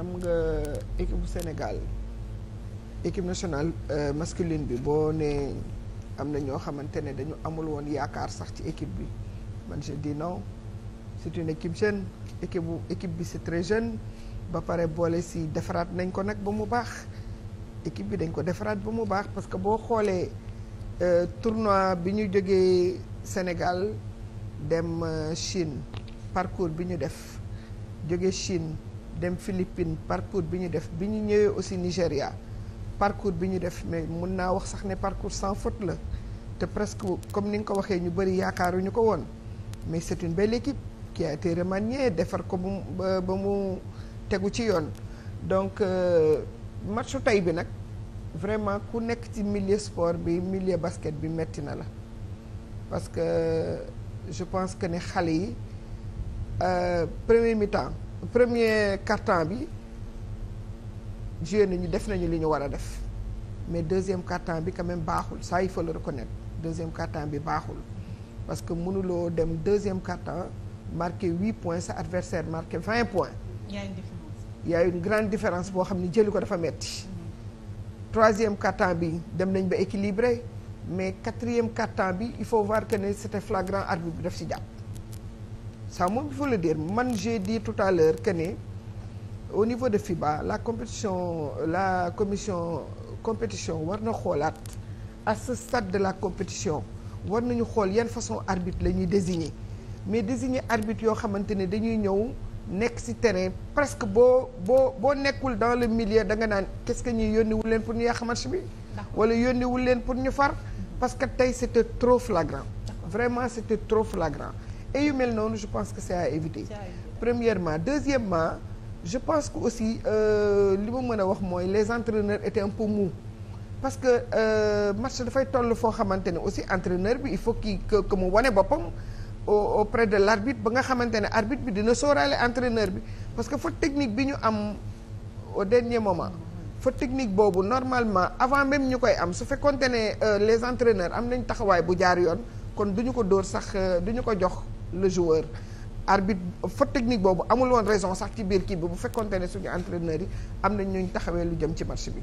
xam nga équipe bu Sénégal équipe nationale euh, masculine bi boo nee am na ñoo xamante ne dañu amul woon yaakaar sax ci équipe bi man je dis non équipe jeune équipe bu équipe bi c'est très jeune ba pare boole si defaraat nañ ko nag ba mu baax équipe bi dañ ko defaraat ba mu baax parce que boo xoolee euh, tournoi bi ñu jógee Sénégal dem euh, Chine parcours bi ñu def jóge Chine dem Philippines parcours bi ñu def bi ñu ñëwee aussi Nigéria parcours bi ñu def mais mun naa wax sax ne parcours sans faute la te presque comme ni nga ko waxee ñu bëri ñu ko woon mais c'est une belle équipe qui a été remaniée defar ko bu ba mu tegu ci yoon donc euh, matchu tey bi nag vraiment ku nekk ci milieu sport bi millier basket bi metti na la parce que je pense que ne xale yi euh, premier mi premier quart-temps bi joué nañu def nañu li ñu war a def mais deuxième quart bi quand même baaxul saa il faut le reconnaître deuxième quart-temps bi baaxul parce que mënuloo dem deuxième quart-temps marqué huit point sa adversaire marqué vingt points. y a une différence. y grande différence boo xam ni jëli ko dafa metti troisième quart bi dem nañ ba équilibré mais quatrième quart-temps bi il faut voir que ne c'était flagrant arbitre bi def ci jàpp. ça moom il faut le man j'ai dit tout à l'heure que ne au niveau de FIBA la compétition la commission compétition war na xoolaat à ce stade de la compétition war nañu xool yan façon arbitre la ñuy désigner mais désigner arbitre yoo xamante ne dañuy ñëw nekk ci terrain presque boo boo boo nekkul dans le milieu da nga naan qu'est-ce que ñuy yónniwul leen pour ñu xaman si bi wala yónniwul leen pour ñu far parce que tey c'était trop flagrant vraiment c'était trop flagrant et mel noonu je pense que c'est à éviter premièrement deuxièmement je pense que aussi euh, li ma mën a wax mooy les entraîneurs étaient un peu mous parce que euh, match dafay toll foo xamante ne aussi entraîneur bi il faut que que mu wane boppam au près de l'arbitre ba nga xamante ne arbitre bi dina sóoraale entraîneur bi parce que faute technique bi ñu am au dernier moment faute technique boobu normalement avant même ñu koy am su fekkoonte ne euh, les entraîneurs am nañ taxawaay bu jaar yoon kon du ko dóor sax euh, du ko jox le joueur arbitre faute technique boobu amul woon raison sax ci biir kii bi bu fekkonte ne suñu entraîneurs yi am nañ ñu taxawee lu jëm ci match bi